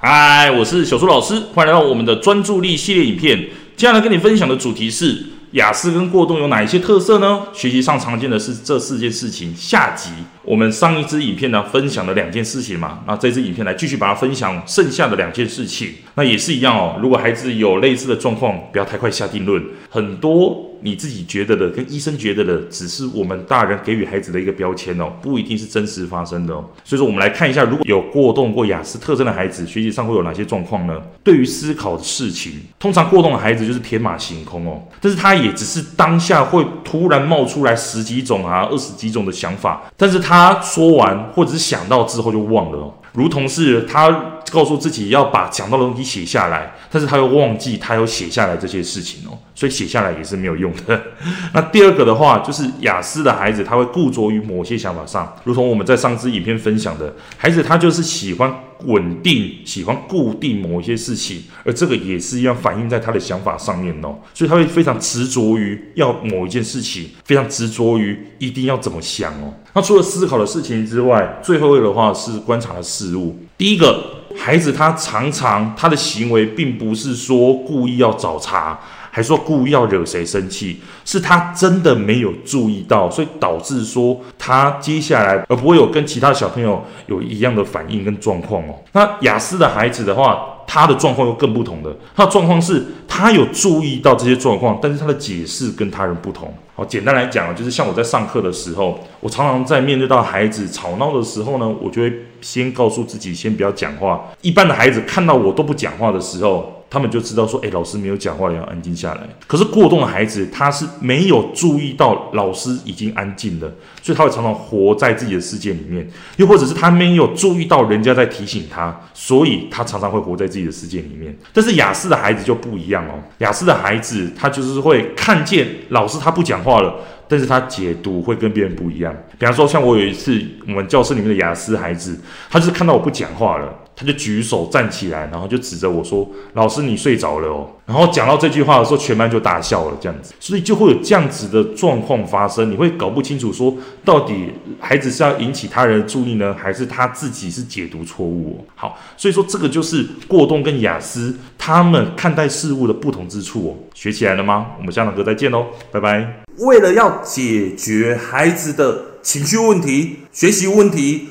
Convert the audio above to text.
嗨，我是小蘇老師，歡迎來到我們的專注力系列影片。接下來跟你分享的主題是，亞斯跟過動有哪一些特色呢？學習上常見的是這四件事情。下集我們上一支影片呢，分享了兩件事情嘛，那這支影片來繼續把它分享剩下的兩件事情。那也是一樣哦，如果孩子有類似的狀況，不要太快下定論。很多你自己覺得的跟醫生覺得的，只是我們大人給予孩子的一個標籤哦，不一定是真實發生的哦。所以說，我們來看一下，如果有過動過亞斯特徵的孩子，學習上會有哪些狀況呢？對於思考的事情，通常過動的孩子就是天馬行空哦，但是他。也只是當下會突然冒出來十幾種啊、二十幾種的想法，但是他說完或者是想到之後就忘了。如同是他告訴自己要把講到的東西寫下來，但是他又忘記他要寫下來這些事情哦，所以寫下來也是沒有用的。 那第二個的話，就是亞斯的孩子他會固着於某些想法上，如同我們在上次影片分享的孩子，他就是喜歡穩定，喜歡固定某一些事情，而這個也是一樣反映在他的想法上面哦，所以他會非常執着於要某一件事情，非常執着於一定要怎麼想哦。那除了思考的事情之外，最後一個的話是觀察的事物。第一個孩子，他常常他的行為並不是說故意要找茬，還說故意要惹誰生氣，是他真的沒有注意到，所以導致說他接下來而不會有跟其他小朋友有一樣的反應跟狀況哦。那亞斯的孩子的話，他的狀況又更不同的，他的狀況是。他有注意到這些狀況，但是他的解釋跟他人不同。好，簡單來講啊，就是像我在上課的時候，我常常在面對到孩子吵鬧的時候呢，我就會先告訴自己，先不要講話。一般的孩子看到我都不講話的時候。他們就知道說，誒，老師沒有講話，也要安靜下來。可是過動的孩子，他是沒有注意到老師已經安靜了，所以他會常常活在自己的世界裡面。又或者是他沒有注意到人家在提醒他，所以他常常會活在自己的世界裡面。但是亞斯的孩子就不一樣哦，亞斯的孩子他就是會看見老師他不講話了，但是他解讀會跟別人不一樣。比方說，像我有一次，我們教室裡面的亞斯孩子，他就是看到我不講話了。他就舉手站起來，然後就指着我說：“老師，你睡着了哦。”然後講到這句話的時候，全班就大笑了。這樣子，所以就會有這樣子的狀況發生。你會搞不清楚說，說到底孩子是要引起他人的注意呢，還是他自己是解讀錯誤哦？好，所以說這個就是過動跟亞斯他們看待事物的不同之處哦。學起來了嗎？我們下堂課再見嘍，拜拜。為了要解決孩子的情緒問題、學習問題。